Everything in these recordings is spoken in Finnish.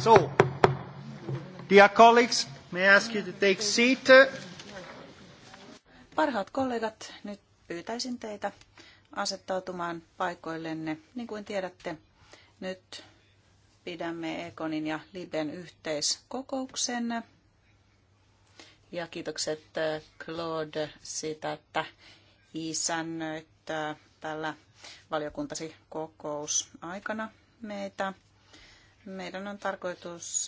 So, dear colleagues, may I ask you to take seat? Parhaat kollegat, nyt pyytäisin teitä asettautumaan paikoillenne. Niin kuin tiedätte, nyt pidämme Ekonin ja Liben yhteiskokouksen. Ja kiitokset äh, Claude siitä, että isännöit äh, tällä valiokuntasi kokous aikana meitä. Meidän on tarkoitus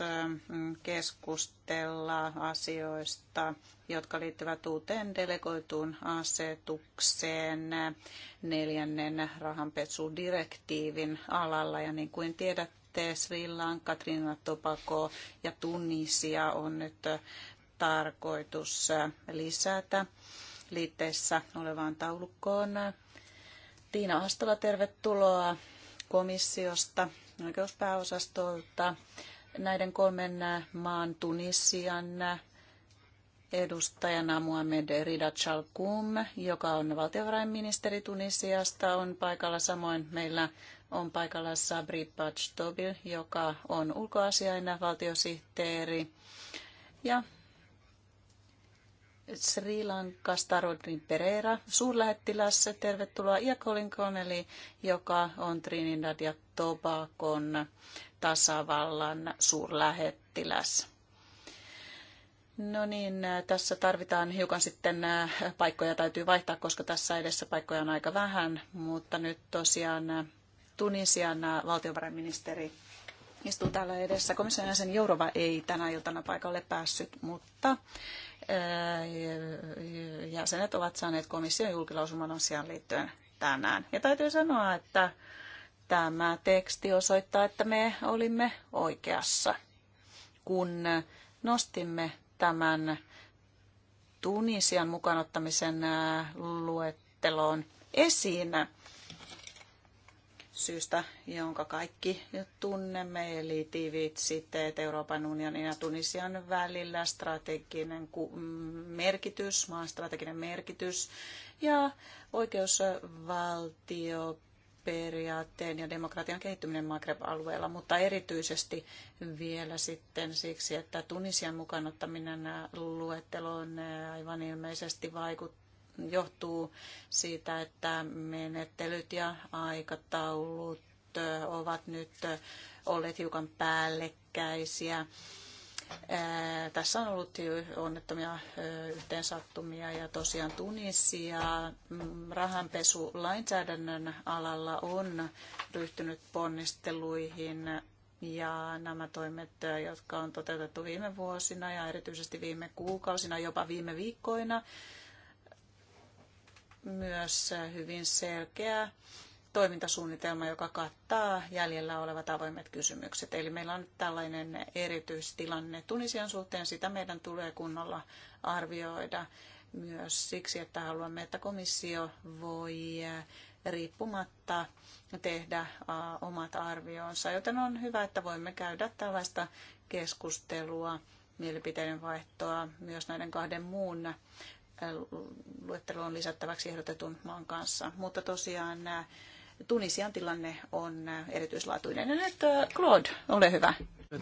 keskustella asioista, jotka liittyvät uuteen delegoituun asetukseen neljännen rahanpesudirektiivin alalla. Ja niin kuin tiedätte, Sri Lanka, Trinidad Tobago ja Tunisia on nyt tarkoitus lisätä liitteessä olevaan taulukkoon. Tiina Astola, tervetuloa komissiosta oikeuspääosastolta näiden kolmen maan Tunisian edustajana Muhammed Rida Chalkoum, joka on valtiovarainministeri Tunisiasta, on paikalla. Samoin meillä on paikalla Sabri Pachtobil, joka on ulkoasiaina valtiosihteeri. Ja Sri Lankasta Rodrin Pereira, suurlähettiläs, tervetuloa, ja Colin Connelly, joka on Trinidad ja Tobagon tasavallan suurlähettiläs. No niin, tässä tarvitaan hiukan sitten äh, paikkoja täytyy vaihtaa, koska tässä edessä paikkoja on aika vähän, mutta nyt tosiaan äh, Tunisian äh, valtiovarainministeri istuu täällä edessä. Komission jäsen Jourova ei tänä iltana paikalle päässyt, mutta jäsenet ovat saaneet komission julkilausuman asiaan liittyen tänään. Ja täytyy sanoa, että tämä teksti osoittaa, että me olimme oikeassa, kun nostimme tämän Tunisian mukanottamisen luetteloon esiin syystä, jonka kaikki tunnemme, eli tiiviit sitten Euroopan unionin ja Tunisian välillä, strateginen merkitys, maan strateginen merkitys ja oikeusvaltio periaatteen ja demokratian kehittyminen Maghreb-alueella, mutta erityisesti vielä sitten siksi, että Tunisian ottaminen luetteloon aivan ilmeisesti vaikuttaa johtuu siitä, että menettelyt ja aikataulut ovat nyt olleet hiukan päällekkäisiä. Tässä on ollut onnettomia yhteensattumia ja tosiaan Tunisia mm, lainsäädännön alalla on ryhtynyt ponnisteluihin ja nämä toimet, jotka on toteutettu viime vuosina ja erityisesti viime kuukausina, jopa viime viikkoina, myös hyvin selkeä toimintasuunnitelma, joka kattaa jäljellä olevat avoimet kysymykset. Eli meillä on nyt tällainen erityistilanne Tunisian suhteen, sitä meidän tulee kunnolla arvioida myös siksi, että haluamme, että komissio voi riippumatta tehdä omat arvioonsa. joten on hyvä, että voimme käydä tällaista keskustelua, mielipiteiden vaihtoa myös näiden kahden muun luetteloon lisättäväksi ehdotetun maan kanssa. Mutta tosiaan äh, Tunisian tilanne on äh, erityislaatuinen. Ja nyt äh, Claude, ole hyvä.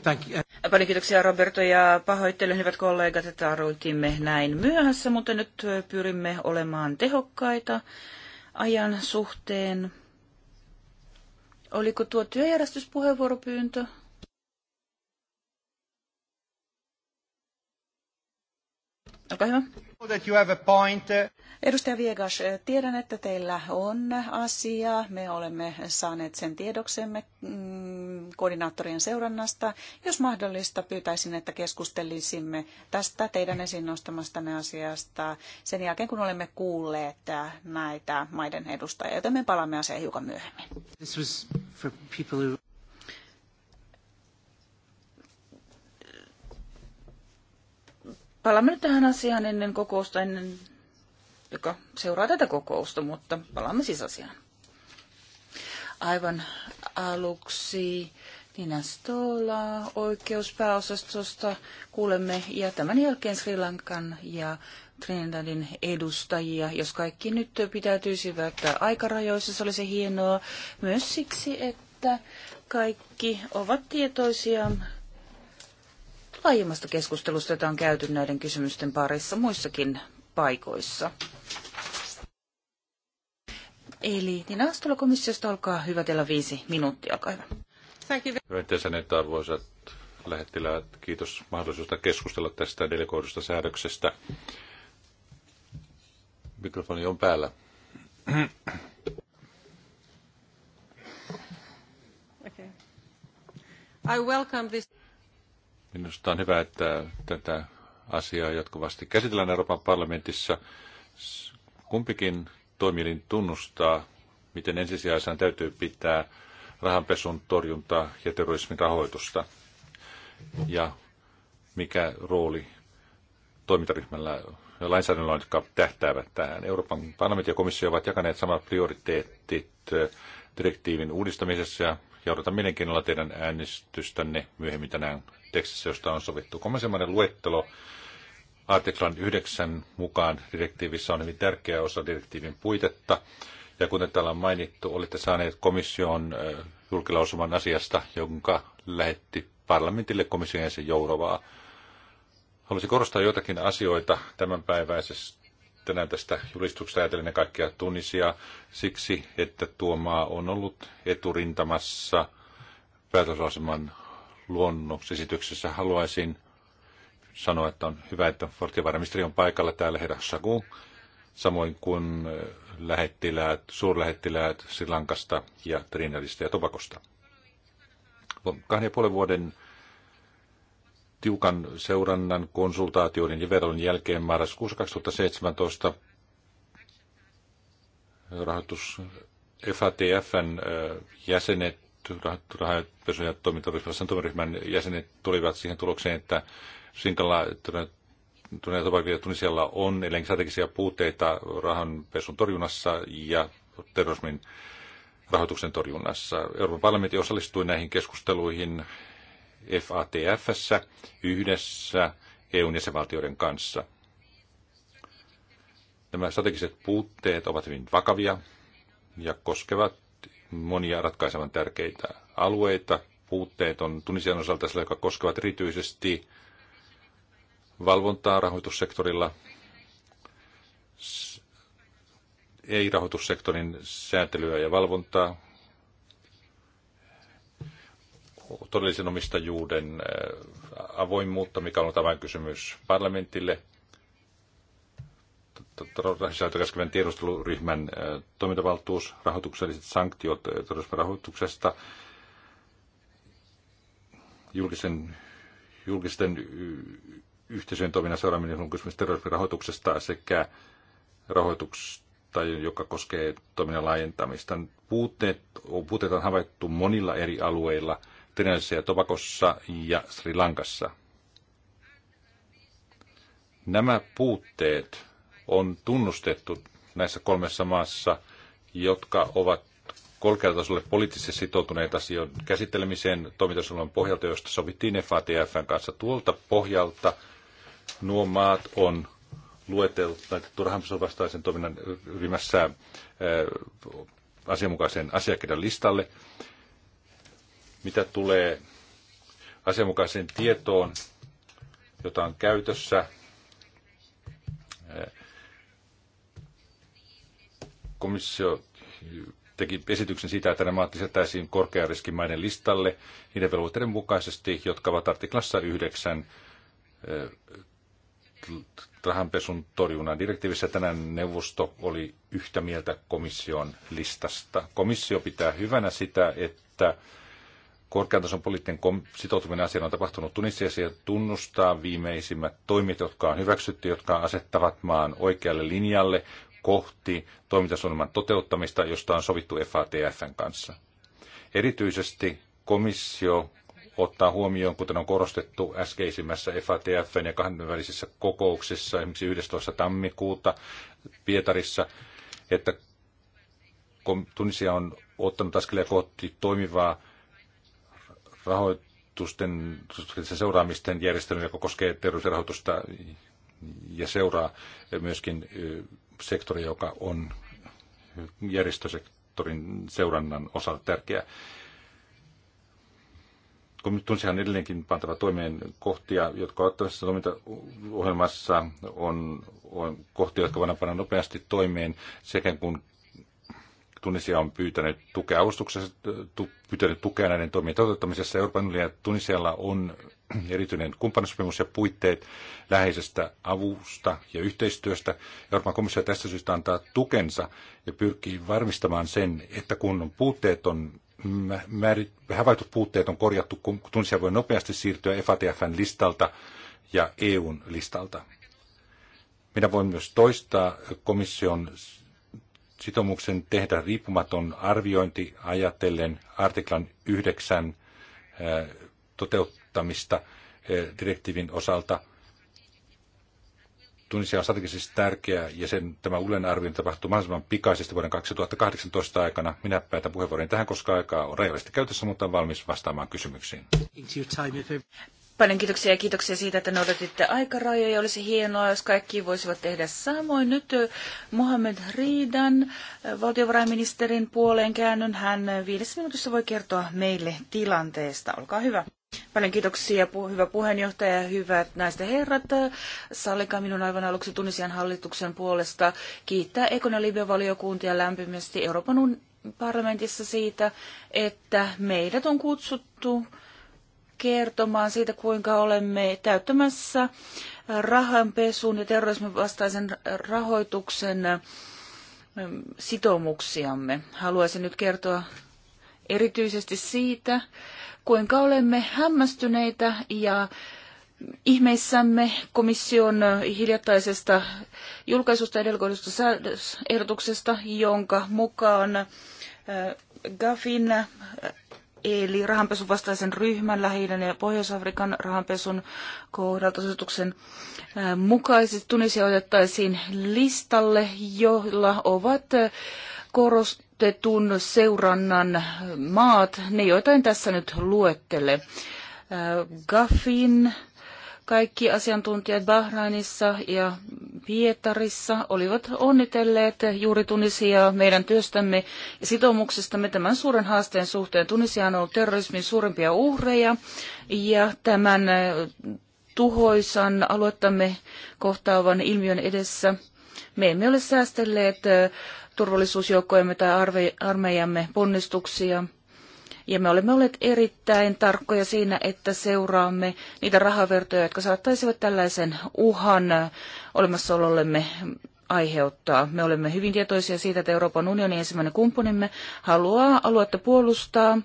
Thank you. Paljon kiitoksia Roberto ja pahoittelen hyvät kollegat, että arvoitimme näin myöhässä, mutta nyt pyrimme olemaan tehokkaita ajan suhteen. Oliko tuo työjärjestyspuheenvuoropyyntö? Olkaa hyvä. Uh, Edustaja Viegas, eh, tiedän, että teillä on asia. Me olemme saaneet sen tiedoksemme mm, koordinaattorien seurannasta. Jos mahdollista, pyytäisin, että keskustelisimme tästä teidän esiin nostamastanne asiasta sen jälkeen, kun olemme kuulleet eh, näitä maiden edustajia, joten me palaamme asiaan hiukan myöhemmin. Who... Palaamme nyt tähän asiaan ennen kokousta, ennen, joka seuraa tätä kokousta, mutta palaamme siis asiaan. Aivan aluksi Nina Stola oikeuspääosastosta kuulemme ja tämän jälkeen Sri Lankan ja Trinidadin edustajia. Jos kaikki nyt pitäytyisivät aikarajoissa, se olisi hienoa myös siksi, että kaikki ovat tietoisia laajemmasta keskustelusta, jota on käyty näiden kysymysten parissa muissakin paikoissa. Eli Nina Astola komissiosta, olkaa hyvä, teillä viisi minuuttia, olkaa hyvä. Hyvät arvoisat lähettiläät, kiitos mahdollisuudesta keskustella tästä delegoidusta säädöksestä. Mikrofoni on päällä. Okay. I welcome this. Minusta on hyvä, että tätä asiaa jatkuvasti käsitellään Euroopan parlamentissa. Kumpikin toimielin tunnustaa, miten ensisijaisena täytyy pitää rahanpesun torjuntaa ja terrorismin rahoitusta. Ja mikä rooli toimintaryhmällä ja lainsäädännöllä on, jotka tähtäävät tähän. Euroopan parlamentti ja komissio ovat jakaneet samat prioriteetit direktiivin uudistamisessa ja odotan mielenkiinnolla teidän äänestystänne myöhemmin tänään tekstissä, josta on sovittu. Komissiomainen luettelo artiklan 9 mukaan direktiivissä on hyvin tärkeä osa direktiivin puitetta. Ja kuten täällä on mainittu, olitte saaneet komission julkilausuman asiasta, jonka lähetti parlamentille komission ensin Jourovaa. Haluaisin korostaa jotakin asioita tämänpäiväisestä tänään tästä julistuksesta ajatellen kaikkia Tunisia siksi, että tuo maa on ollut eturintamassa päätöslauselman luonnoksesityksessä. Haluaisin sanoa, että on hyvä, että valtiovarainministeri on paikalla täällä, herra Sagu, samoin kuin eh, lähettiläät, suurlähettiläät Sri Lankasta ja Trinidadista ja Tobakosta. Kahden ja puolen vuoden tiukan seurannan, konsultaatioiden ja veron jälkeen marraskuussa 2017 rahoitus FATFn eh, jäsenet rahanpesun ja toimintaryhmän jäsenet tulivat siihen tulokseen, että Sinkalla tunnilla tupakilla Tunisialla on edelleenkin strategisia puutteita rahanpesun torjunnassa ja terrorismin rahoituksen torjunnassa. Euroopan parlamentti osallistui näihin keskusteluihin fatf yhdessä EUn jäsenvaltioiden kanssa. Nämä strategiset puutteet ovat hyvin vakavia ja koskevat monia ratkaisevan tärkeitä alueita. Puutteet on Tunisian osalta sillä, jotka koskevat erityisesti valvontaa rahoitussektorilla, ei-rahoitussektorin sääntelyä ja valvontaa, todellisen omistajuuden avoimuutta, mikä on tämä kysymys parlamentille – sisältökäskevän tiedusteluryhmän äh, toimintavaltuus, rahoitukselliset sanktiot äh, terrorismin rahoituksesta, julkisen, julkisten yhteisöjen toiminnan seuraaminen, on kysymys terrorismin rahoituksesta sekä rahoituksesta, joka koskee toiminnan laajentamista. Puutteet, puutteet on havaittu monilla eri alueilla, Trinidadissa ja Tobakossa ja Sri Lankassa. Nämä puutteet on tunnustettu näissä kolmessa maassa, jotka ovat korkealla tasolla poliittisesti sitoutuneita asioiden käsittelemiseen toimintasuunnitelman pohjalta, josta sovittiin FATFn kanssa. Tuolta pohjalta nuo maat on lueteltu rahanpesun vastaisen toiminnan ryhmässä asianmukaisen asiakirjan listalle. Mitä tulee asianmukaiseen tietoon, jota on käytössä komissio teki esityksen siitä, että nämä maat lisätäisiin korkeariskimaiden listalle niiden velvoitteiden mukaisesti, jotka ovat artiklassa 9 rahanpesun torjunnan direktiivissä. Tänään neuvosto oli yhtä mieltä komission listasta. Komissio pitää hyvänä sitä, että korkean tason poliittinen sitoutuminen asiaan on tapahtunut Tunisiassa ja tunnustaa viimeisimmät toimit, jotka on hyväksytty, jotka asettavat maan oikealle linjalle kohti toimintasuunnitelman toteuttamista, josta on sovittu FATFn kanssa. Erityisesti komissio ottaa huomioon, kuten on korostettu äskeisimmässä FATFn ja kahdenvälisissä kokouksissa, esimerkiksi 11. tammikuuta Pietarissa, että Tunisia on ottanut askelia kohti toimivaa rahoitusten seuraamisten järjestelyä, joka koskee terveysrahoitusta ja seuraa myöskin sektori, joka on järjestösektorin seurannan osalta tärkeä. Tunsihan on edelleenkin pantava toimeen kohtia, jotka ovat tässä toimintaohjelmassa, on, on kohtia, jotka voidaan panna nopeasti toimeen sekä kun Tunisia on pyytänyt tukea avustuksessa, tu, pyytänyt tukea näiden toimien toteuttamisessa. Euroopan unionin ja Tunisialla on erityinen kumppanisopimus ja puitteet läheisestä avusta ja yhteistyöstä. Euroopan komissio tästä syystä antaa tukensa ja pyrkii varmistamaan sen, että kun puutteet on määrit, havaitut puutteet on korjattu, kun Tunisia voi nopeasti siirtyä FATFn listalta ja EUn listalta. Minä voin myös toistaa komission sitoumuksen tehdä riippumaton arviointi ajatellen artiklan 9 toteuttamista direktiivin osalta. Tunisia on strategisesti tärkeä ja sen, tämä uuden arvio tapahtuu mahdollisimman pikaisesti vuoden 2018 aikana. Minä päätän puheenvuoron tähän, koska aikaa on rajallisesti käytössä, mutta olen valmis vastaamaan kysymyksiin. Paljon kiitoksia ja kiitoksia siitä, että noudatitte aikarajoja. Olisi hienoa, jos kaikki voisivat tehdä samoin. Nyt Mohamed Riidan valtiovarainministerin puoleen käännön. Hän viidessä minuutissa voi kertoa meille tilanteesta. Olkaa hyvä. Paljon kiitoksia, pu- hyvä puheenjohtaja ja hyvät naiset ja herrat. Sallikaa minun aivan aluksi Tunisian hallituksen puolesta kiittää Ekon ja Libya-valiokuntia lämpimästi Euroopan parlamentissa siitä, että meidät on kutsuttu kertomaan siitä, kuinka olemme täyttämässä rahanpesun ja terrorismin vastaisen rahoituksen ähm, sitoumuksiamme. Haluaisin nyt kertoa erityisesti siitä, kuinka olemme hämmästyneitä ja ihmeissämme komission hiljattaisesta julkaisusta delegoidusta säädösehdotuksesta, jonka mukaan äh, GAFin äh, Eli rahanpesun vastaisen ryhmän lähi ja Pohjois-Afrikan rahanpesun kohdalta asetuksen mukaisesti Tunisia otettaisiin listalle, jolla ovat korostetun seurannan maat, ne joita en tässä nyt luettele. Gafin kaikki asiantuntijat Bahrainissa ja Pietarissa olivat onnitelleet juuri Tunisia meidän työstämme ja sitoumuksestamme tämän suuren haasteen suhteen. Tunisia on ollut terrorismin suurimpia uhreja ja tämän tuhoisan aloittamme kohtaavan ilmiön edessä. Me emme ole säästelleet turvallisuusjoukkojemme tai armeijamme ponnistuksia – ja me olemme olleet erittäin tarkkoja siinä, että seuraamme niitä rahavertoja, jotka saattaisivat tällaisen uhan olemassaolollemme aiheuttaa. Me olemme hyvin tietoisia siitä, että Euroopan unionin ensimmäinen kumppanimme haluaa aluetta puolustaa,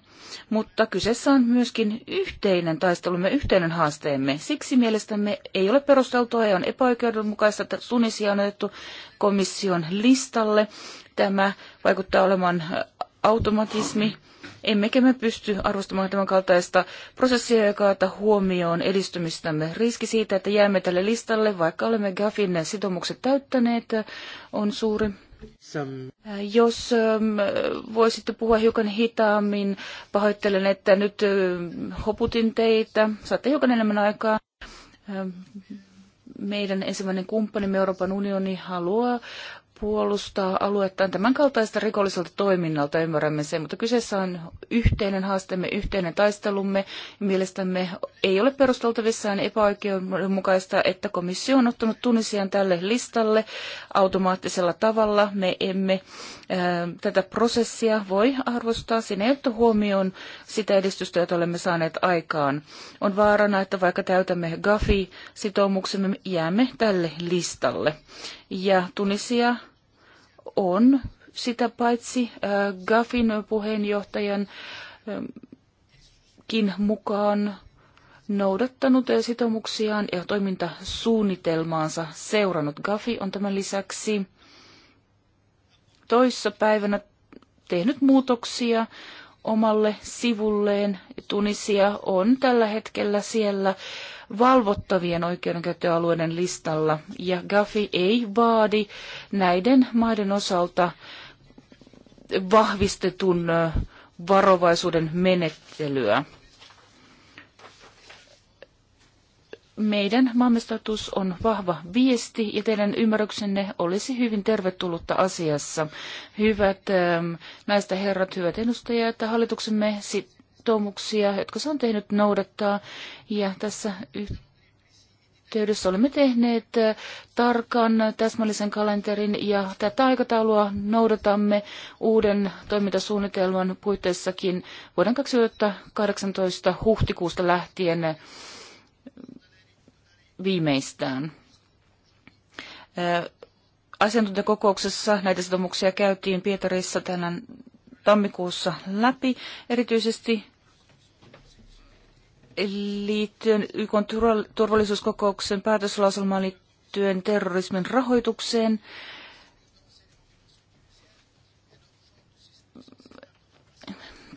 mutta kyseessä on myöskin yhteinen taistelumme, yhteinen haasteemme. Siksi mielestämme ei ole perusteltua ja on epäoikeudenmukaista, että Tunisia on otettu komission listalle. Tämä vaikuttaa olemaan automatismi emmekä me pysty arvostamaan tämän kaltaista prosessia, joka ottaa huomioon edistymistämme. Riski siitä, että jäämme tälle listalle, vaikka olemme GAFin sitoumukset täyttäneet, on suuri. Äh, jos ähm, voisitte puhua hiukan hitaammin, pahoittelen, että nyt ähm, hoputin teitä. Saatte hiukan enemmän aikaa ähm, meidän ensimmäinen kumppanimme Euroopan unioni haluaa puolustaa aluettaan tämän kaltaista rikolliselta toiminnalta, ymmärrämme sen, mutta kyseessä on yhteinen haasteemme, yhteinen taistelumme. Mielestämme ei ole perusteltavissaan epäoikeudenmukaista, että komissio on ottanut Tunisian tälle listalle automaattisella tavalla. Me emme ää, tätä prosessia voi arvostaa. Siinä ei ottu huomioon sitä edistystä, jota olemme saaneet aikaan. On vaarana, että vaikka täytämme GAFI-sitoumuksemme, jäämme tälle listalle. Ja Tunisia on sitä paitsi äh, GAFin puheenjohtajan kin ähm, mukaan noudattanut sitoumuksiaan ja toimintasuunnitelmaansa seurannut. GAFI on tämän lisäksi toissa päivänä tehnyt muutoksia omalle sivulleen. Tunisia on tällä hetkellä siellä valvottavien oikeudenkäyttöalueiden listalla, ja Gafi ei vaadi näiden maiden osalta vahvistetun varovaisuuden menettelyä. Meidän maamme status on vahva viesti ja teidän ymmärryksenne olisi hyvin tervetullutta asiassa. Hyvät ähm, ja herrat, hyvät edustajat, hallituksemme sitoumuksia, jotka se on tehnyt noudattaa. Ja tässä yhteydessä olemme tehneet äh, tarkan täsmällisen kalenterin ja tätä aikataulua noudatamme uuden toimintasuunnitelman puitteissakin vuoden 2018 huhtikuusta lähtien viimeistään. Asiantuntijakokouksessa näitä sitoumuksia käytiin Pietarissa tänään tammikuussa läpi, erityisesti liittyen YK turvallisuuskokouksen päätöslauselmaan liittyen terrorismin rahoitukseen.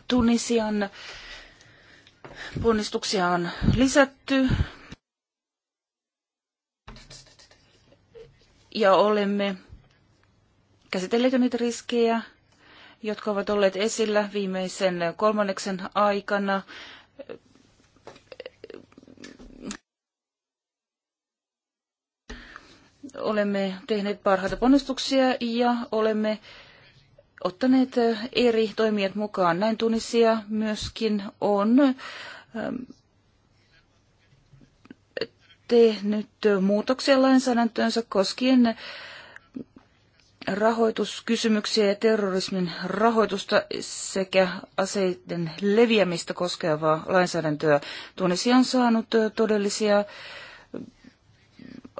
Tunisian ponnistuksia on lisätty ja olemme käsitelleet jo niitä riskejä, jotka ovat olleet esillä viimeisen kolmanneksen aikana. Olemme tehneet parhaita ponnistuksia ja olemme ottaneet eri toimijat mukaan. Näin Tunisia myöskin on tehnyt muutoksia lainsäädäntöönsä koskien rahoituskysymyksiä ja terrorismin rahoitusta sekä aseiden leviämistä koskevaa lainsäädäntöä. Tunisia on saanut todellisia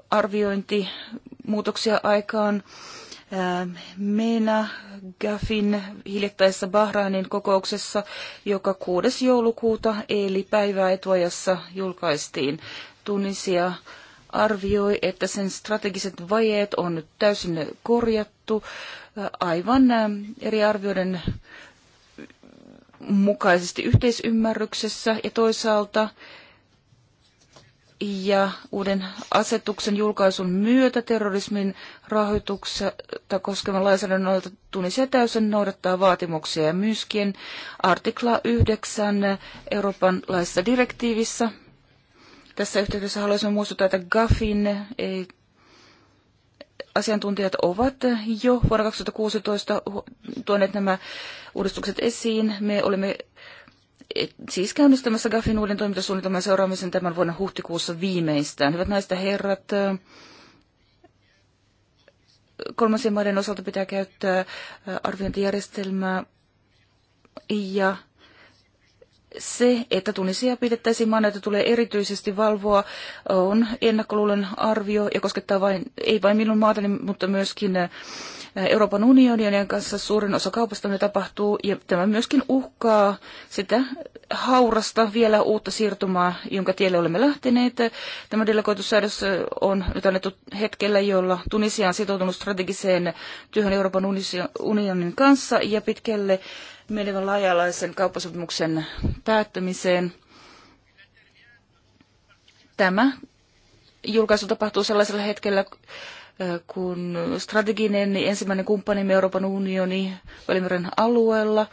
arviointimuutoksia aikaan. meina Gafin hiljattaessa Bahrainin kokouksessa, joka 6. joulukuuta eli päivää etuajassa julkaistiin. Tunisia arvioi, että sen strategiset vajeet on nyt täysin korjattu aivan eh, eri arvioiden mukaisesti yhteisymmärryksessä ja toisaalta ja uuden asetuksen julkaisun myötä terrorismin rahoituksesta koskevan lainsäädännön noita Tunisia täysin noudattaa vaatimuksia ja myöskin artikla 9 Euroopan laissa direktiivissä tässä yhteydessä haluaisin muistuttaa, että GAFin eh, asiantuntijat ovat jo vuonna 2016 tuoneet nämä uudistukset esiin. Me olemme eh, siis käynnistämässä GAFin uuden toimintasuunnitelman seuraamisen tämän vuonna huhtikuussa viimeistään. Hyvät naiset ja herrat, eh, kolmansien maiden osalta pitää käyttää arviointijärjestelmää ja se, että Tunisia pidettäisiin maana, jota tulee erityisesti valvoa, on ennakkoluulen arvio ja koskettaa vain, ei vain minun maatani, mutta myöskin Euroopan unionin kanssa suurin osa kaupasta tapahtuu ja tämä myöskin uhkaa sitä haurasta vielä uutta siirtymää, jonka tielle olemme lähteneet. Tämä delegoitussäädös on nyt annettu hetkellä, jolla Tunisia on sitoutunut strategiseen työhön Euroopan unionin kanssa ja pitkälle menevän laajalaisen kauppasopimuksen päättämiseen. Tämä julkaisu tapahtuu sellaisella hetkellä, kun strateginen ensimmäinen kumppani Euroopan unioni Välimeren alueella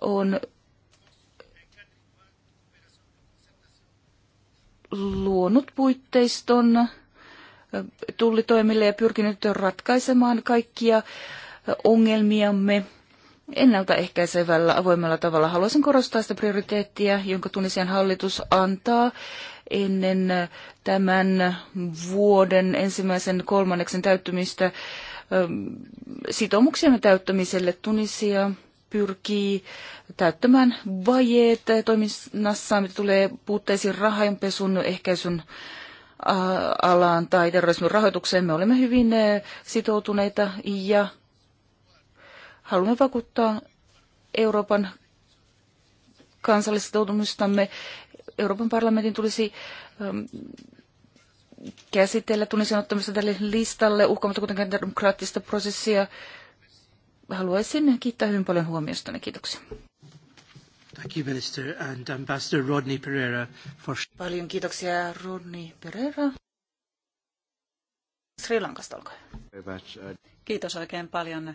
on luonut puitteiston tullitoimille ja pyrkinyt ratkaisemaan kaikkia ongelmiamme ennaltaehkäisevällä avoimella tavalla. Haluaisin korostaa sitä prioriteettia, jonka Tunisian hallitus antaa ennen tämän vuoden ensimmäisen kolmanneksen täyttymistä ähm, sitoumuksien täyttämiselle Tunisia pyrkii täyttämään vajeet toiminnassaan, mitä tulee puutteisiin rahanpesun ehkäisyn äh, alaan tai terrorismin rahoitukseen. Me olemme hyvin äh, sitoutuneita ja Haluamme vakuuttaa Euroopan kansallisitoutumistamme. Euroopan parlamentin tulisi ähm, käsitellä Tunisian ottamista tälle listalle uhkaamatta kuitenkaan demokraattista prosessia. Haluaisin kiittää hyvin paljon huomiostanne. Kiitoksia. Thank you, Minister, and Ambassador Rodney Pereira for... Paljon kiitoksia, Rodney Pereira. Sri Lankasta, olkaa Kiitos oikein paljon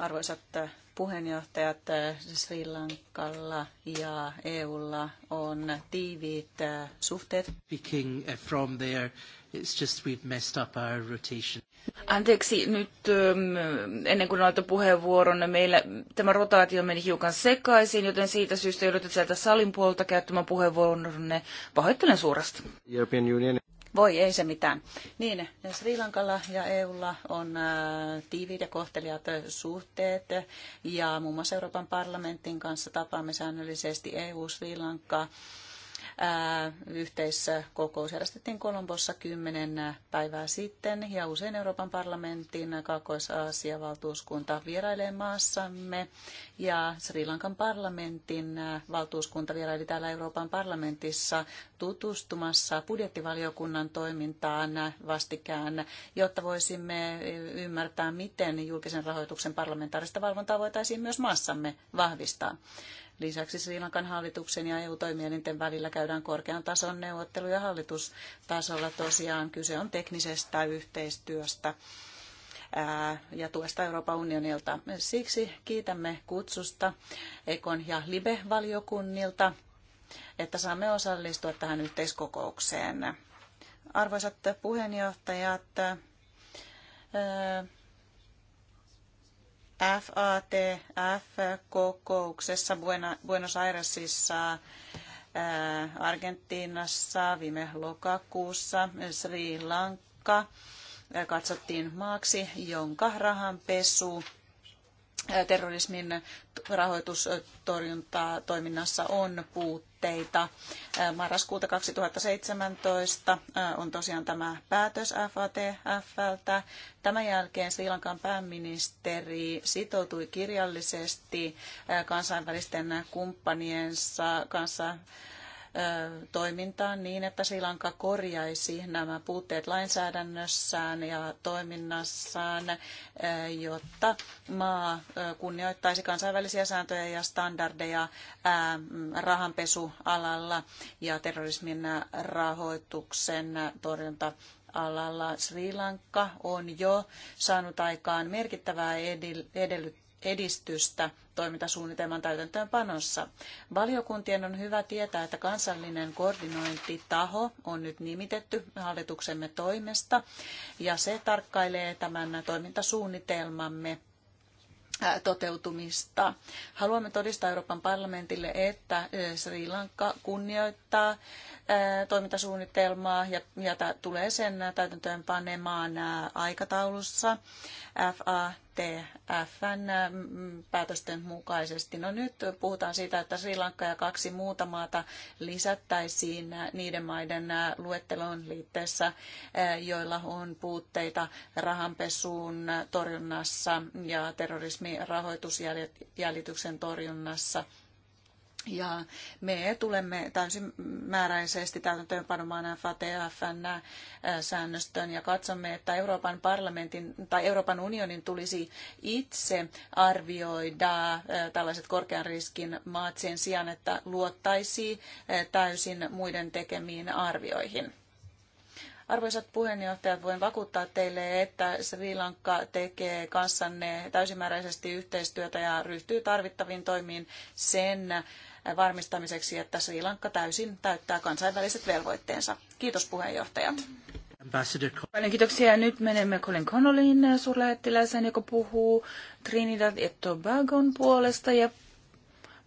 Arvoisat äh, puheenjohtajat, äh, Sri Lankalla ja EUlla on tiiviit äh, suhteet. Speaking uh, from there, it's just we've messed up our rotation. Anteeksi, nyt ähm, ennen kuin aloitan puheenvuoron, meillä tämä rotaatio meni hiukan sekaisin, joten siitä syystä joudutte sieltä salin puolta käyttämään puheenvuoronne. Pahoittelen suuresti. European Union. Voi, ei se mitään. Niin, Sri Lankalla ja EUlla on äh, tiiviit ja kohteliaat äh, suhteet ja muun muassa Euroopan parlamentin kanssa tapaamme säännöllisesti EU-Sri Lankaa yhteiskokous järjestettiin Kolombossa kymmenen päivää sitten ja usein Euroopan parlamentin kaakkois aasia valtuuskunta vierailee maassamme ja Sri Lankan parlamentin valtuuskunta vieraili täällä Euroopan parlamentissa tutustumassa budjettivaliokunnan toimintaan vastikään, jotta voisimme ymmärtää, miten julkisen rahoituksen parlamentaarista valvontaa voitaisiin myös maassamme vahvistaa. Lisäksi Sri Lankan hallituksen ja EU-toimielinten välillä käydään korkean tason neuvotteluja hallitustasolla. Tosiaan kyse on teknisestä yhteistyöstä ja tuesta Euroopan unionilta. Siksi kiitämme kutsusta Ekon ja Libe-valiokunnilta, että saamme osallistua tähän yhteiskokoukseen. Arvoisat puheenjohtajat, FATF-kokouksessa Buenos Airesissa äh, Argentiinassa viime lokakuussa Sri Lanka äh, katsottiin maaksi, jonka rahanpesu terrorismin rahoitustorjuntaa toiminnassa on puutteita. Marraskuuta 2017 äh, on tosiaan tämä päätös FATFltä. Tämän jälkeen Sri Lankan pääministeri sitoutui kirjallisesti äh, kansainvälisten kumppaniensa kanssa toimintaan niin, että Silanka korjaisi nämä puutteet lainsäädännössään ja toiminnassaan, jotta maa kunnioittaisi kansainvälisiä sääntöjä ja standardeja rahanpesualalla ja terrorismin rahoituksen torjunta alalla Sri Lanka on jo saanut aikaan merkittävää edell- edellyttää edistystä toimintasuunnitelman täytäntöönpanossa. Valiokuntien on hyvä tietää, että kansallinen koordinointitaho on nyt nimitetty hallituksemme toimesta ja se tarkkailee tämän toimintasuunnitelmamme toteutumista. Haluamme todistaa Euroopan parlamentille, että Sri Lanka kunnioittaa toimintasuunnitelmaa ja, ja tulee sen täytäntöönpanemaan aikataulussa. FA ITFn mm, päätösten mukaisesti. No nyt puhutaan siitä, että Sri Lanka ja kaksi muuta maata lisättäisiin niiden maiden äh, luetteloon liitteessä, äh, joilla on puutteita rahanpesuun äh, torjunnassa ja terrorismin rahoitusjäljityksen torjunnassa – ja me tulemme määräisesti täytäntöönpanomaan FATFn äh, säännöstön ja katsomme, että Euroopan parlamentin tai Euroopan unionin tulisi itse arvioida äh, tällaiset korkean riskin maat sen sijaan, että luottaisi äh, täysin muiden tekemiin arvioihin. Arvoisat puheenjohtajat, voin vakuuttaa teille, että Sri Lanka tekee kanssanne täysimääräisesti yhteistyötä ja ryhtyy tarvittaviin toimiin sen varmistamiseksi, että Sri Lanka täysin täyttää kansainväliset velvoitteensa. Kiitos puheenjohtajat. Paljon kiitoksia. Nyt menemme Colin Connollyin suurlähettiläiseen, joka puhuu Trinidad et Tobagon puolesta ja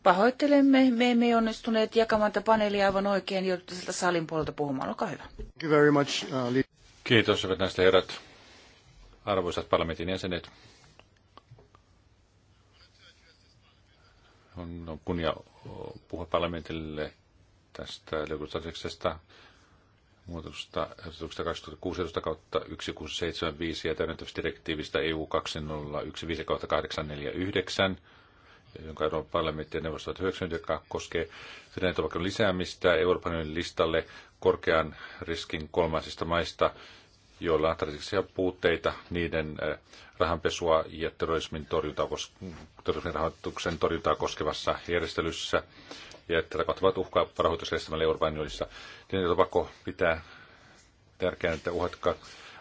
Pahoittelemme, me emme onnistuneet jakamaan tätä paneelia aivan oikein, joudutte sieltä salin puolelta puhumaan. Olkaa hyvä. Uh, Kiitos, hyvät näistä herrat, arvoisat parlamentin jäsenet. on no, kunnia puhua parlamentille tästä levytysasiaksesta muutosta 2016 kautta 1675 ja direktiivistä EU 2015 kautta 849, jonka Euroopan parlamentti ja neuvosto ovat hyväksyneet, joka koskee sydäntupakan lisäämistä Euroopan listalle korkean riskin kolmansista maista joilla on strategisia puutteita, niiden rahanpesua ja terrorismin, torjuntaa, terrorismin rahoituksen torjuntaa koskevassa järjestelyssä ja että tapahtuvat uhkaa rahoitusjärjestelmällä Euroopan unionissa. Niin pakko pitää tärkeänä, että uhat, jotka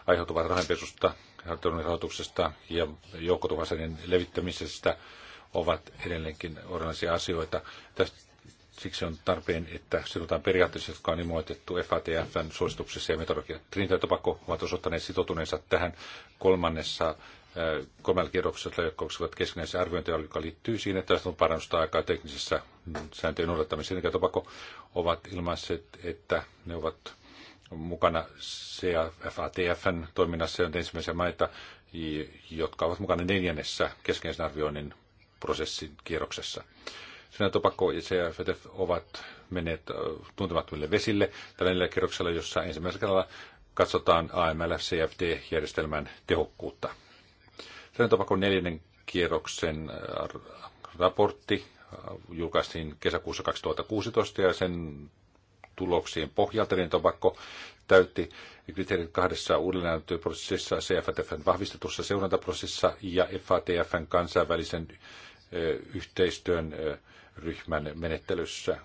aiheutuvat rahanpesusta, terrorismin rahoituksesta ja joukkotuhansainen levittämisestä, ovat edelleenkin olennaisia asioita. Tästä Siksi on tarpeen, että sidotaan periaatteessa, jotka on ilmoitettu FATFn suosituksessa ja metodologia. ja Tobacco ovat osoittaneet sitoutuneensa tähän kolmannessa äh, kolmella kierroksella, jotka ovat keskinäisiä arviointeja, joka liittyy siihen, että on parannusta aikaa teknisessä mm, sääntöjen noudattamisessa. Ja tobako ovat ilmaisseet, että ne ovat mukana CFATFn toiminnassa ja ensimmäisiä maita, jotka ovat mukana neljännessä keskinäisen arvioinnin prosessin kierroksessa. Sinä tupakko ja CFTF ovat menneet tuntemattomille vesille tällä neljällä kerroksella, jossa ensimmäisellä kerralla katsotaan AML-CFD-järjestelmän tehokkuutta. Sinä topakko neljännen kierroksen raportti julkaistiin kesäkuussa 2016 ja sen tuloksien pohjalta niin tobakko täytti kriteerit kahdessa uudelleenäyttöprosessissa, CFTFn vahvistetussa seurantaprosessissa ja FATFn kansainvälisen yhteistyön ryhmän menettelyssä.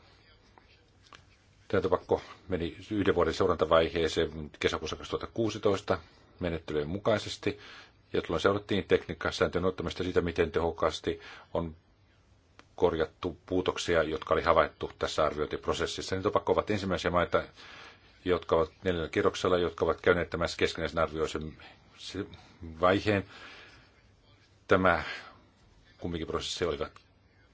Työntopakko meni yhden vuoden seurantavaiheeseen kesäkuussa 2016 menettelyjen mukaisesti, ja tuolloin seurattiin tekniikkaa sääntöjen ottamista siitä, miten tehokkaasti on korjattu puutoksia, jotka oli havaittu tässä arviointiprosessissa. Nyt topakko ovat ensimmäisiä maita, jotka ovat neljällä kierroksella, jotka ovat käyneet tämän keskinäisen arvioisen vaiheen. Tämä kumminkin prosessi olivat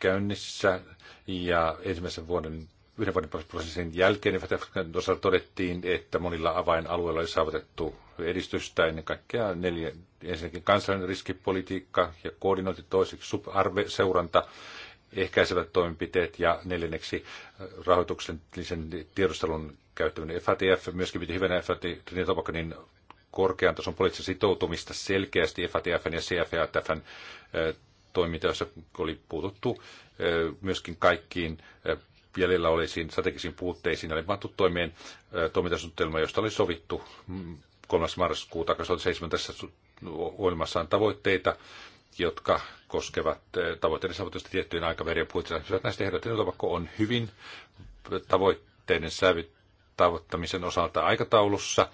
käynnissä ja ensimmäisen vuoden yhden vuoden prosessin jälkeen niin osalta todettiin, että monilla avainalueilla oli saavutettu edistystä ennen kaikkea neljä, ensinnäkin kansallinen riskipolitiikka ja koordinointi, toiseksi seuranta ehkäisevät toimenpiteet ja neljänneksi äh, rahoituksellisen tiedustelun käyttäminen. FATF myöskin piti hyvänä FATF Tobaconin korkean tason poliittista sitoutumista selkeästi FATFn ja CFATFn äh, toiminta, jossa oli puututtu myöskin kaikkiin jäljellä olisiin strategisiin puutteisiin. Oli pantu toimeen toimintasuunnitelma, josta oli sovittu 3. Mm, marraskuuta 2007 tässä ohjelmassaan tavoitteita, jotka koskevat tavoitteiden saavutusta tiettyjen aikaverien puitteissa. Näistä ehdotettu tavakko on hyvin tavoitteiden saavuttamisen osalta aikataulussa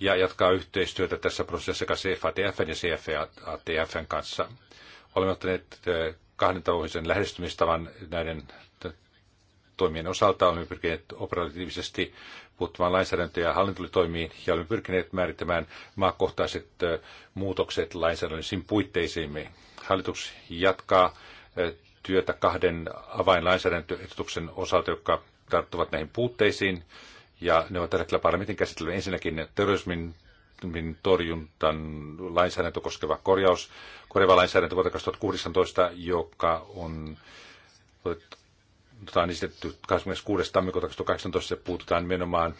ja jatkaa yhteistyötä tässä prosessissa sekä CFATFn ja CFATFn kanssa. Olemme ottaneet eh, kahden lähestymistavan näiden toimien osalta. Olemme pyrkineet operatiivisesti puuttumaan lainsäädäntö- ja hallintolitoimiin ja olemme pyrkineet määrittämään maakohtaiset eh, muutokset lainsäädännöllisiin puitteisiimme. Hallitus jatkaa eh, työtä kahden avainlainsäädäntöehdotuksen osalta, jotka tarttuvat näihin puutteisiin. Ja ne ovat tällä hetkellä parlamentin käsittelyyn ensinnäkin terrorismin terrorismin torjuntan lainsäädäntö koskeva korjaus, korjaava lainsäädäntö vuotta 2016, joka on otetaan esitetty 26. tammikuuta 2018 ja puututaan menomaan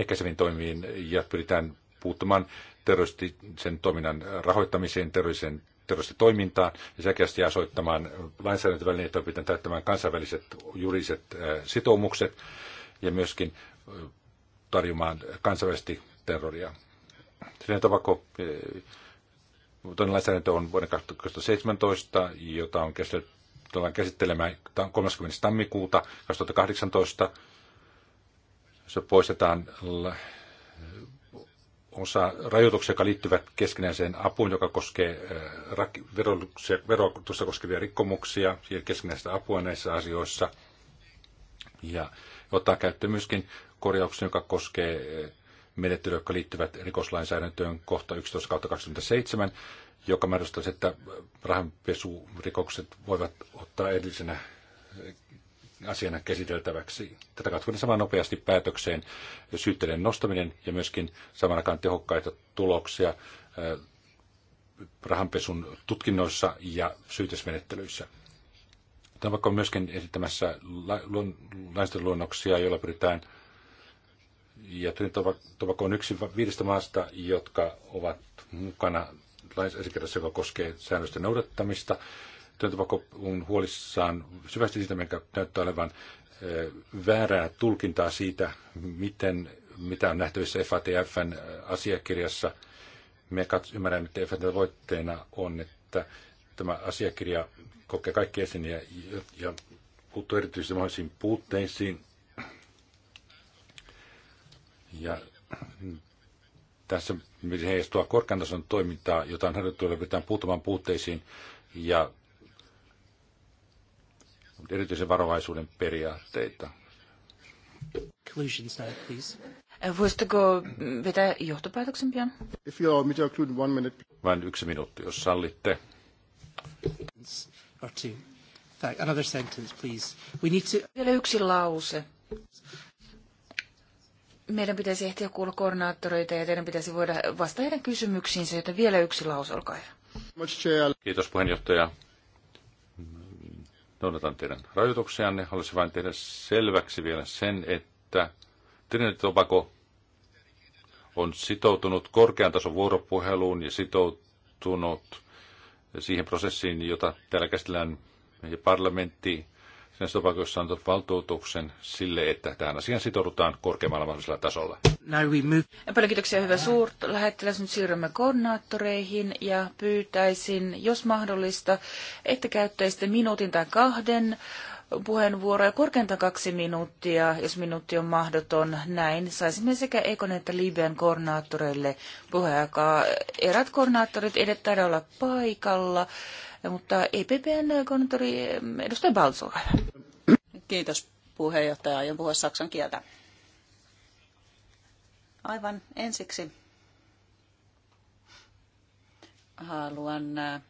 ehkäiseviin toimiin ja pyritään puuttumaan terroristisen toiminnan rahoittamiseen, terrorisen terroristitoimintaan ja selkeästi asoittamaan lainsäädäntövälineitä, pitää täyttämään kansainväliset juridiset sitoumukset ja myöskin tarjomaan kansainvälisesti terroria. Sen tapako eh, toinen lainsäädäntö on vuoden 2017, jota on tullaan käsittelemään 30. tammikuuta 2018. Se poistetaan osa rajoituksia, jotka liittyvät keskinäiseen apuun, joka koskee eh, verotusta koskevia rikkomuksia ja keskinäistä apua näissä asioissa. Ja ottaa käyttöön myöskin korjauksen, joka koskee eh, menettelyä, jotka liittyvät rikoslainsäädäntöön kohta 11-27, joka mahdollistaisi, että rahanpesurikokset voivat ottaa erillisenä asiana käsiteltäväksi. Tätä katsotaan saman nopeasti päätökseen syytteiden nostaminen ja myöskin aikaan tehokkaita tuloksia äh, rahanpesun tutkinnoissa ja syytesmenettelyissä. Tämä on myöskin esittämässä lainsäädäntöluonnoksia, joilla pyritään ja Tobacco on yksi viidestä maasta, jotka ovat mukana lainsäädäntökirjassa, joka koskee säännösten noudattamista. Työntopakko on huolissaan syvästi siitä, mikä näyttää olevan eh, väärää tulkintaa siitä, miten, mitä on nähtävissä FATFn eh, asiakirjassa. Me ymmärrämme, että FATFn tavoitteena on, että tämä asiakirja kokee kaikki esiin ja, ja puuttuu erityisesti mahdollisiin puutteisiin, ja tässä heijastua korkean tason toimintaa, jota on harjoittu, jolla pyritään puuttumaan puutteisiin ja erityisen varovaisuuden periaatteita. Conclusions now, please. Voisitteko vetää johtopäätöksen pian? If you are, Mr. Cluden, one minute. Vain yksi minuutti, jos sallitte. Or two. Another sentence, please. We need to... Vielä yksi lause meidän pitäisi ehtiä kuulla koordinaattoreita ja teidän pitäisi voida vastata heidän kysymyksiinsä, joten vielä yksi laus, olkaa hyvä. Kiitos puheenjohtaja. Noudatan teidän rajoituksianne. Haluaisin vain tehdä selväksi vielä sen, että Trinidad Tobago on sitoutunut korkean tason vuoropuheluun ja sitoutunut siihen prosessiin, jota täällä käsitellään ja parlamentti näissä tapauksissa on valtuutuksen sille, että tähän asiaan sitoudutaan korkeammalla mahdollisella tasolla. Paljon kiitoksia, hyvä lähettiläs. Nyt siirrymme koordinaattoreihin ja pyytäisin, jos mahdollista, että käyttäisitte minuutin tai kahden puheenvuoroja korkeintaan kaksi minuuttia, jos minuutti on mahdoton. Näin saisimme sekä Ekon että Libyan koordinaattoreille puheaikaa. Erät koordinaattorit eivät taida olla paikalla mutta EPPn konttori mm, edustaja Baltz, Kiitos puheenjohtaja, aion puhua saksan kieltä. Aivan ensiksi haluan äh,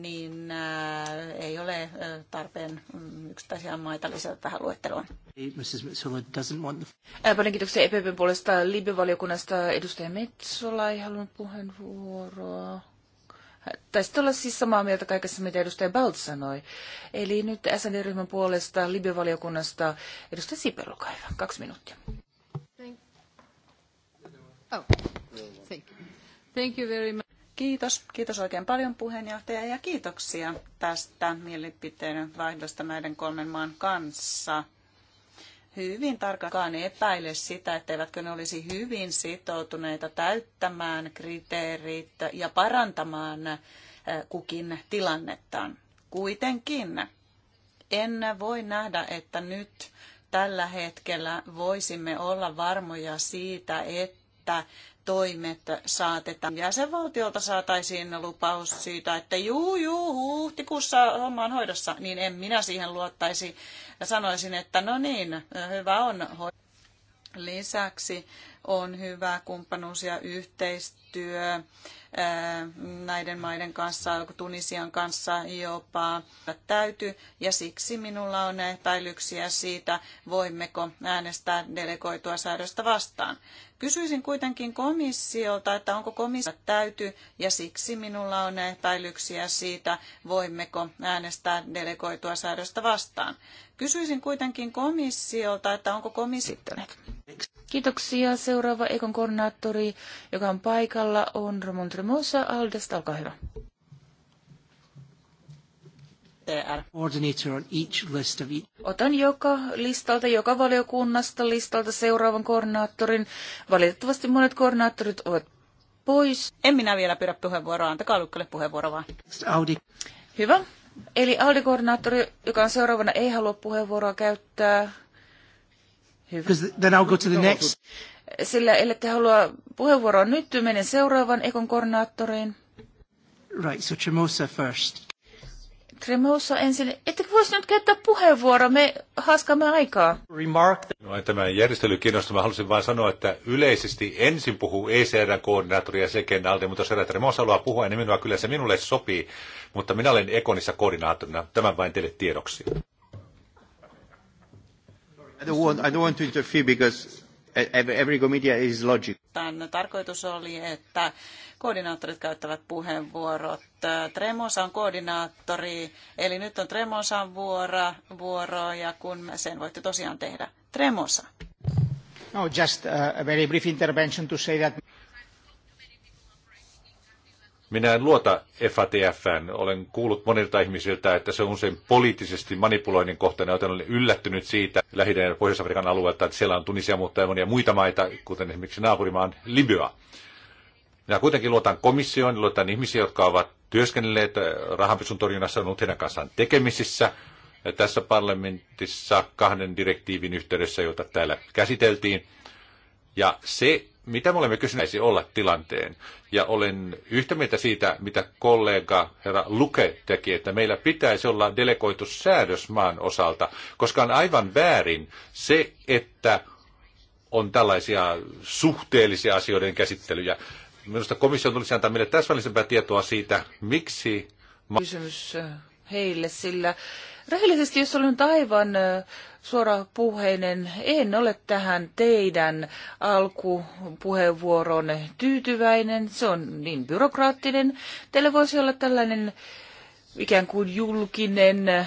niin äh, ei ole äh, tarpeen mm, yksittäisiä maita lisätä tähän luetteloon. Mrs. doesn't want Paljon kiitoksia EPPn puolesta. Libyvaliokunnasta edustaja Metsola ei halunnut puheenvuoroa. Taisit olla siis samaa mieltä kaikessa, mitä edustaja Balt sanoi. Eli nyt SND-ryhmän puolesta Libya-valiokunnasta edustaja Sipel, olkaa hyvä. Kaksi minuuttia. Oh, Kiitos. Kiitos oikein paljon puheenjohtaja ja kiitoksia tästä mielipiteen vaihdosta näiden kolmen maan kanssa hyvin tarkkaan epäile sitä, etteivätkö ne olisi hyvin sitoutuneita täyttämään kriteerit ja parantamaan eh, kukin tilannettaan. Kuitenkin en voi nähdä, että nyt tällä hetkellä voisimme olla varmoja siitä, että toimet saatetaan. Jäsenvaltiolta saataisiin lupaus siitä, että juu, juu, huhtikuussa homma on hoidossa, niin en minä siihen luottaisi. Ja sanoisin, että no niin, hyvä on. Lisäksi on hyvä kumppanuus ja yhteistyö näiden maiden kanssa, Tunisian kanssa jopa täyty. Ja siksi minulla on epäilyksiä siitä, voimmeko äänestää delegoitua säädöstä vastaan. Kysyisin kuitenkin komissiolta, että onko komissio täyty, ja siksi minulla on epäilyksiä siitä, voimmeko äänestää delegoitua säädöstä vastaan. Kysyisin kuitenkin komissiolta, että onko komissio... Kiitoksia. Seuraava Ekon koordinaattori, joka on paikalla, on Ramon Tremosa Aldesta. Olkaa hyvä. Otan joka listalta, joka valiokunnasta listalta seuraavan koordinaattorin. Valitettavasti monet koordinaattorit ovat pois. En minä vielä pidä puheenvuoroa, antakaa Lukkalle puheenvuoro vaan. Audi. Hyvä. Eli Audi-koordinaattori, joka on seuraavana, ei halua puheenvuoroa käyttää then I'll go to the next. Sillä ellette halua puheenvuoroa nyt, menen seuraavan ekon koordinaattoriin. Right, so Tremosa first. Tremosa ensin. Ettekö voisi nyt käyttää puheenvuoroa? Me haaskaamme aikaa. Remark. No, tämä järjestely kiinnostaa. halusin vain sanoa, että yleisesti ensin puhuu ECR-koordinaattori ja sekin alti, mutta jos herra Tremosa haluaa puhua, niin minua kyllä se minulle sopii. Mutta minä olen Ekonissa koordinaattorina. Tämän vain teille tiedoksi. Tämän tarkoitus oli, että koordinaattorit käyttävät puheenvuorot. Tremosa on koordinaattori, eli nyt on Tremosan vuoro, vuoro ja kun sen voitte tosiaan tehdä. Tremosa. No, just uh, a very brief intervention to say that... Minä en luota FATFään. Olen kuullut monilta ihmisiltä, että se on usein poliittisesti manipuloinnin kohtana. joten olen yllättynyt siitä lähi ja Pohjois-Afrikan alueelta, että siellä on Tunisia, mutta ja monia muita maita, kuten esimerkiksi naapurimaan Libya. Minä kuitenkin luotan komissioon, luotan ihmisiä, jotka ovat työskennelleet rahanpesun torjunnassa, on ollut heidän kanssaan tekemisissä. Ja tässä parlamentissa kahden direktiivin yhteydessä, jota täällä käsiteltiin. Ja se, mitä me olemme kysyneet olla tilanteen. Ja olen yhtä mieltä siitä, mitä kollega herra Luke teki, että meillä pitäisi olla delegoitu säädös maan osalta, koska on aivan väärin se, että on tällaisia suhteellisia asioiden käsittelyjä. Minusta komission tulisi antaa meille täsmällisempää tietoa siitä, miksi... Kysymys heille, sillä rehellisesti, jos olen aivan aivan suorapuheinen. En ole tähän teidän alkupuheenvuoron tyytyväinen. Se on niin byrokraattinen. Teillä voisi olla tällainen ikään kuin julkinen,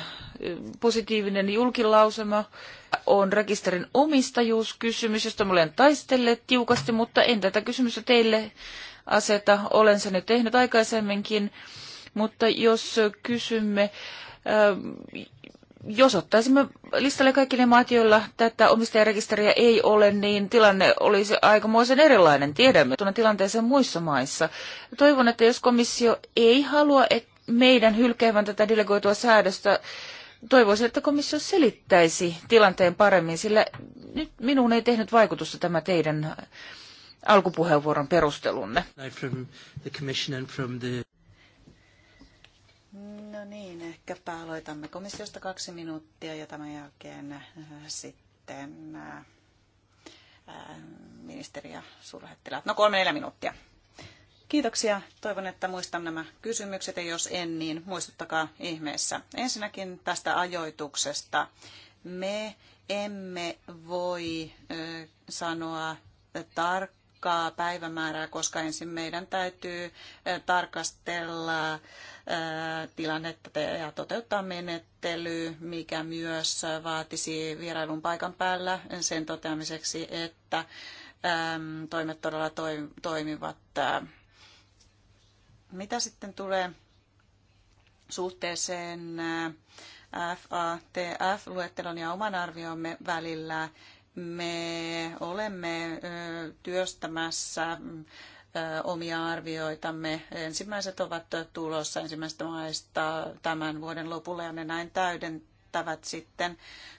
positiivinen julkilausema. On rekisterin omistajuuskysymys, josta me olen taistelleet tiukasti, mutta en tätä kysymystä teille aseta. Olen sen jo tehnyt aikaisemminkin, mutta jos kysymme jos ottaisimme listalle kaikki ne maat, joilla tätä omistajarekisteriä ei ole, niin tilanne olisi aikamoisen erilainen. Tiedämme tuon tilanteeseen muissa maissa. Toivon, että jos komissio ei halua että meidän hylkäävän tätä delegoitua säädöstä, toivoisin, että komissio selittäisi tilanteen paremmin, sillä nyt minuun ei tehnyt vaikutusta tämä teidän alkupuheenvuoron perustelunne ehkäpä aloitamme komissiosta kaksi minuuttia ja tämän jälkeen äh, sitten äh, äh, ministeri ja suurlähettiläät. No kolme neljä minuuttia. Kiitoksia. Toivon, että muistan nämä kysymykset ja jos en, niin muistuttakaa ihmeessä. Ensinnäkin tästä ajoituksesta. Me emme voi sanoa tarkkaan, tarkkaa päivämäärää, koska ensin meidän täytyy eh, tarkastella eh, tilannetta ja toteuttaa menettely, mikä myös vaatisi vierailun paikan päällä sen toteamiseksi, että ehm, toimet todella toimivat. Mitä sitten tulee suhteeseen eh, FATF-luettelon ja oman arviomme välillä, me olemme työstämässä omia arvioitamme. Ensimmäiset ovat tulossa ensimmäistä maista tämän vuoden lopulla ja ne näin täydentävät sitten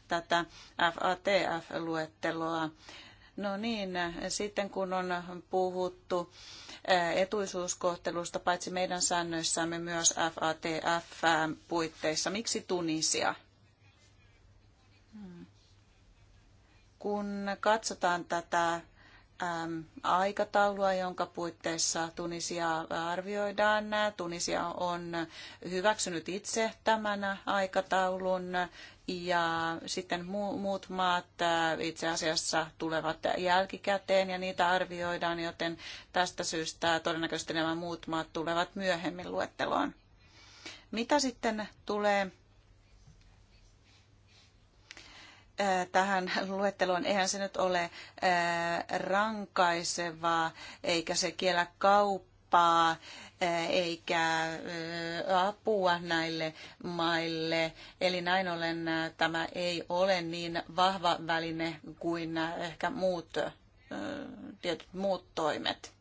tätä FATF-luetteloa. No niin, sitten kun on puhuttu etuisuuskohtelusta paitsi meidän säännöissämme myös FATF-puitteissa, miksi Tunisia? kun katsotaan tätä aikataulua, jonka puitteissa Tunisia äh, arvioidaan. Tunisia on hyväksynyt itse tämän aikataulun ja sitten muut maat äh, itse asiassa tulevat jälkikäteen ja niitä arvioidaan, joten tästä syystä todennäköisesti nämä muut maat tulevat myöhemmin luetteloon. Mitä sitten tulee Äh, tähän luetteloon. Eihän se nyt ole äh, rankaisevaa, eikä se kiellä kauppaa, äh, eikä apua näille maille. Eli näin ollen tämä ei ole niin vahva väline kuin ehkä muut, tietyt muut toimet.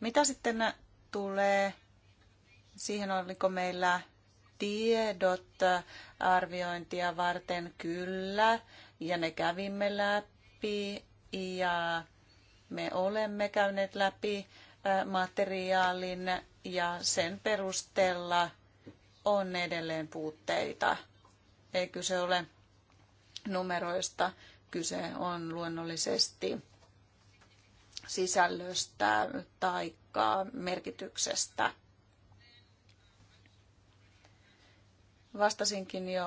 Mitä sitten tulee siihen, oliko meillä tiedot arviointia varten kyllä, ja ne kävimme läpi, ja me olemme käyneet läpi materiaalin, ja sen perusteella on edelleen puutteita. Ei kyse ole numeroista, kyse on luonnollisesti sisällöstä tai merkityksestä. Vastasinkin jo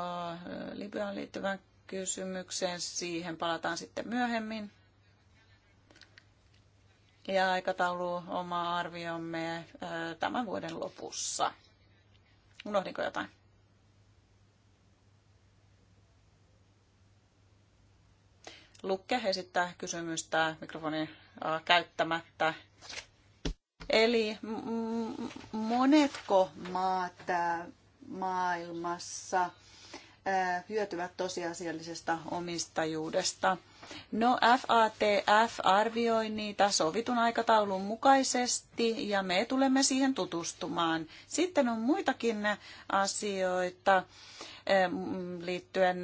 Libyaan liittyvän kysymykseen. Siihen palataan sitten myöhemmin. Ja aikataulu oma arviomme tämän vuoden lopussa. Unohdinko jotain? Lukke esittää kysymystä mikrofonin käyttämättä. Eli monetko maat maailmassa hyötyvät tosiasiallisesta omistajuudesta. No FATF arvioi niitä sovitun aikataulun mukaisesti ja me tulemme siihen tutustumaan. Sitten on muitakin asioita liittyen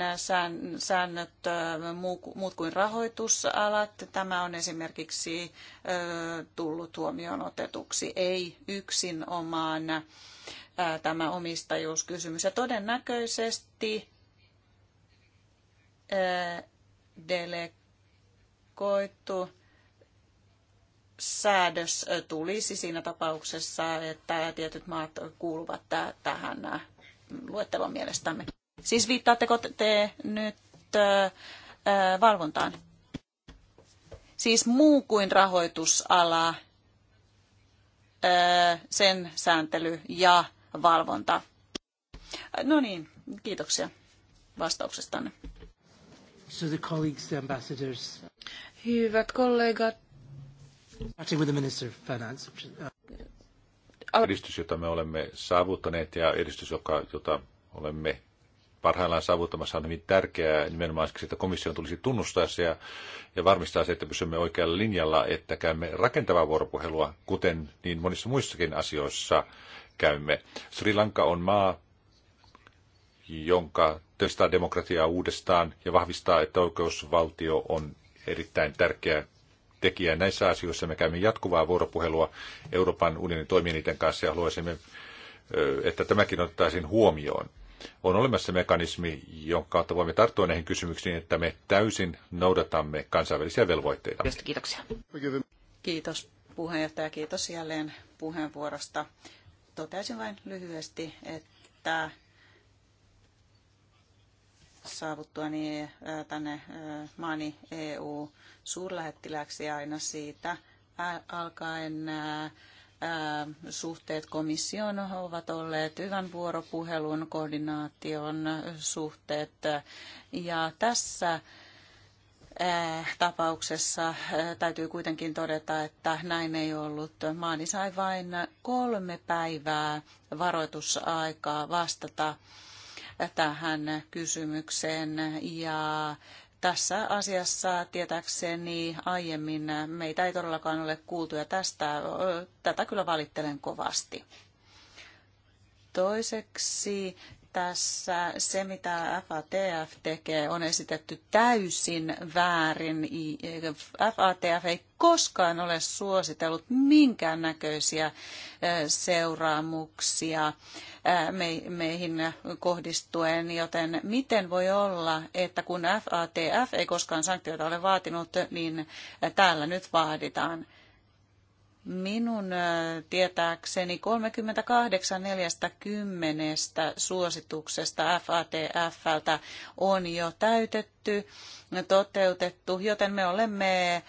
säännöt muut kuin rahoitusalat. Tämä on esimerkiksi tullut huomioon otetuksi, ei yksin omaan tämä omistajuuskysymys. Ja todennäköisesti delegoitu säädös tulisi siinä tapauksessa, että tietyt maat kuuluvat tähän luettelon mielestämme. Siis viittaatteko te nyt valvontaan? Siis muu kuin rahoitusala, sen sääntely ja valvonta. No niin, kiitoksia vastauksestanne. So the colleagues, the ambassadors. Hyvät kollegat. Starting with the Minister of Finance. Uh, edistys, jota me olemme saavuttaneet ja edistys, joka, jota olemme parhaillaan saavuttamassa on hyvin tärkeää nimenomaan siksi, että komission tulisi tunnustaa se ja, ja varmistaa se, että pysymme oikealla linjalla, että käymme rakentavaa vuoropuhelua, kuten niin monissa muissakin asioissa, käymme. Sri Lanka on maa, jonka testaa demokratiaa uudestaan ja vahvistaa, että oikeusvaltio on erittäin tärkeä tekijä. Näissä asioissa me käymme jatkuvaa vuoropuhelua Euroopan unionin toimijoiden kanssa ja haluaisimme, että tämäkin otettaisiin huomioon. On olemassa mekanismi, jonka kautta voimme tarttua näihin kysymyksiin, että me täysin noudatamme kansainvälisiä velvoitteita. Kiitoksia. Kiitos puheenjohtaja, kiitos jälleen puheenvuorosta. Toteaisin vain lyhyesti, että saavuttuani tänne maani EU-suurlähettiläksi aina siitä alkaen suhteet komission ovat olleet hyvän vuoropuhelun, koordinaation suhteet. Ja tässä Eh, tapauksessa eh, täytyy kuitenkin todeta, että näin ei ollut. Maani sai vain kolme päivää varoitusaikaa vastata tähän kysymykseen ja tässä asiassa tietääkseni aiemmin meitä ei todellakaan ole kuultu ja tästä, eh, tätä kyllä valittelen kovasti. Toiseksi tässä se, mitä FATF tekee, on esitetty täysin väärin. FATF ei koskaan ole suositellut minkäännäköisiä seuraamuksia meihin kohdistuen, joten miten voi olla, että kun FATF ei koskaan sanktioita ole vaatinut, niin täällä nyt vaaditaan. Minun tietääkseni 3840 suosituksesta FATFltä on jo täytetty tehty, toteutettu, joten me olemme eh,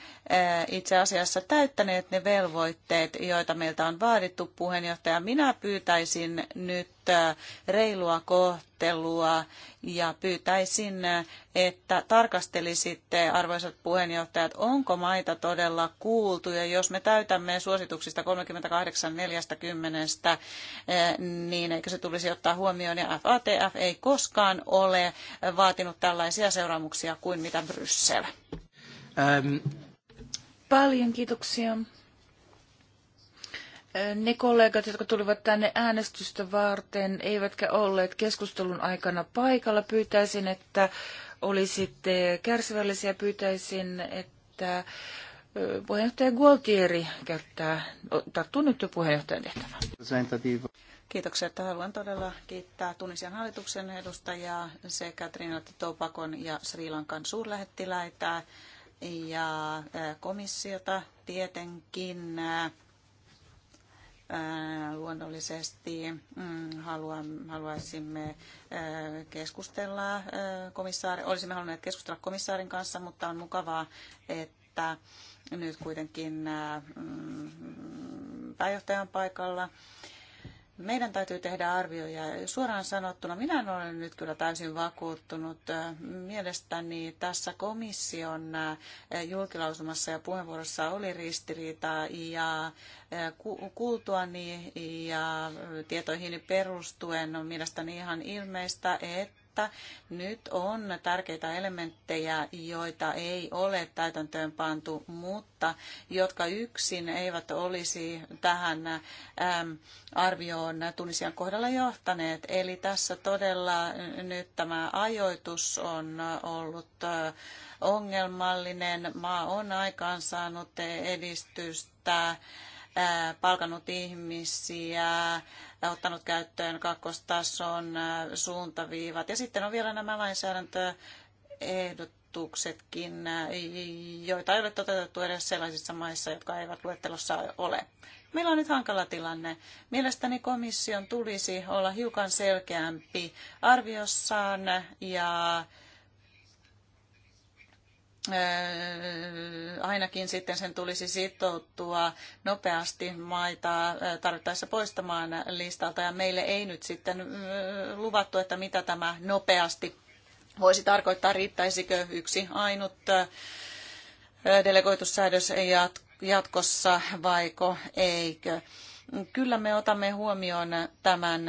itse asiassa täyttäneet ne velvoitteet, joita meiltä on vaadittu puheenjohtaja. Minä pyytäisin nyt eh, reilua kohtelua ja pyytäisin, eh, että tarkastelisitte, arvoisat puheenjohtajat, onko maita todella kuultu ja jos me täytämme suosituksista 38-40, niin eikö se tulisi ottaa huomioon ja FATF ei koskaan ole vaatinut tällaisia seuraamuksia vaatimuksia kuin mitä Bryssel. Ähm. Paljon kiitoksia. Äh, ne kollegat, jotka tulivat tänne äänestystä varten, eivätkä olleet keskustelun aikana paikalla, pyytäisin, että olisitte kärsivällisiä, pyytäisin, että Puheenjohtaja Gualtieri käyttää, tarttuu nyt jo puheenjohtajan kiitoksia että Haluan todella kiittää Tunisian hallituksen edustajaa sekä Trinidad topakon ja Sri Lankan suurlähettiläitä ja komissiota tietenkin luonnollisesti mm, haluaisimme keskustella komissaari, olisimme halunneet keskustella komissaarin kanssa, mutta on mukavaa, että että nyt kuitenkin äh, mm, pääjohtajan paikalla. Meidän täytyy tehdä arvioja. Suoraan sanottuna, minä en ole nyt kyllä täysin vakuuttunut. Mielestäni tässä komission äh, julkilausumassa ja puheenvuorossa oli ristiriitaa ja äh, kuultuani ja tietoihin perustuen on mielestäni ihan ilmeistä, että mutta nyt on tärkeitä elementtejä, joita ei ole täytäntöön pantu, mutta jotka yksin eivät olisi tähän arvioon Tunisian kohdalla johtaneet. Eli tässä todella nyt tämä ajoitus on ollut ongelmallinen. Maa on aikaansaanut edistystä palkanut ihmisiä, ottanut käyttöön kakkostason äh, suuntaviivat. Ja sitten on vielä nämä lainsäädäntöehdotuksetkin, äh, joita ei ole toteutettu edes sellaisissa maissa, jotka eivät luettelossa ole. Meillä on nyt hankala tilanne. Mielestäni komission tulisi olla hiukan selkeämpi arviossaan ja ainakin sitten sen tulisi sitoutua nopeasti maita tarvittaessa poistamaan listalta. Ja meille ei nyt sitten luvattu, että mitä tämä nopeasti voisi tarkoittaa, riittäisikö yksi ainut delegoitussäädös jatkossa vaiko eikö. Kyllä me otamme huomioon tämän,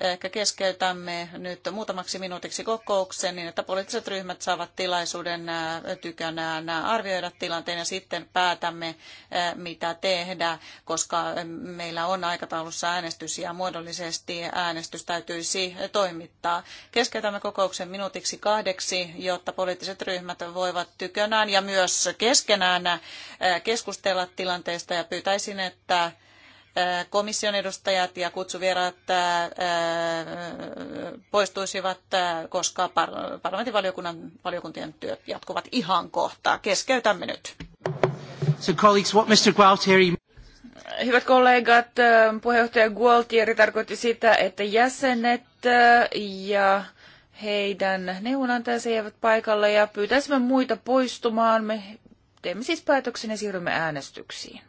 ehkä keskeytämme nyt muutamaksi minuutiksi kokouksen, niin että poliittiset ryhmät saavat tilaisuuden tykönään arvioida tilanteen ja sitten päätämme, mitä tehdä, koska meillä on aikataulussa äänestys ja muodollisesti äänestys täytyisi toimittaa. Keskeytämme kokouksen minuutiksi kahdeksi, jotta poliittiset ryhmät voivat tykönään ja myös keskenään keskustella tilanteesta ja pyytäisin, että komission edustajat ja kutsuvieraat poistuisivat, koska parlamentin valiokunnan valiokuntien työt jatkuvat ihan kohta. Keskeytämme nyt. So colleagues, what Mr. Gualtieri... Hyvät kollegat, puheenjohtaja Gualtieri tarkoitti sitä, että jäsenet ja heidän neuvonantajansa jäävät paikalle ja pyytäisimme muita poistumaan. Me teemme siis päätöksen ja siirrymme äänestyksiin.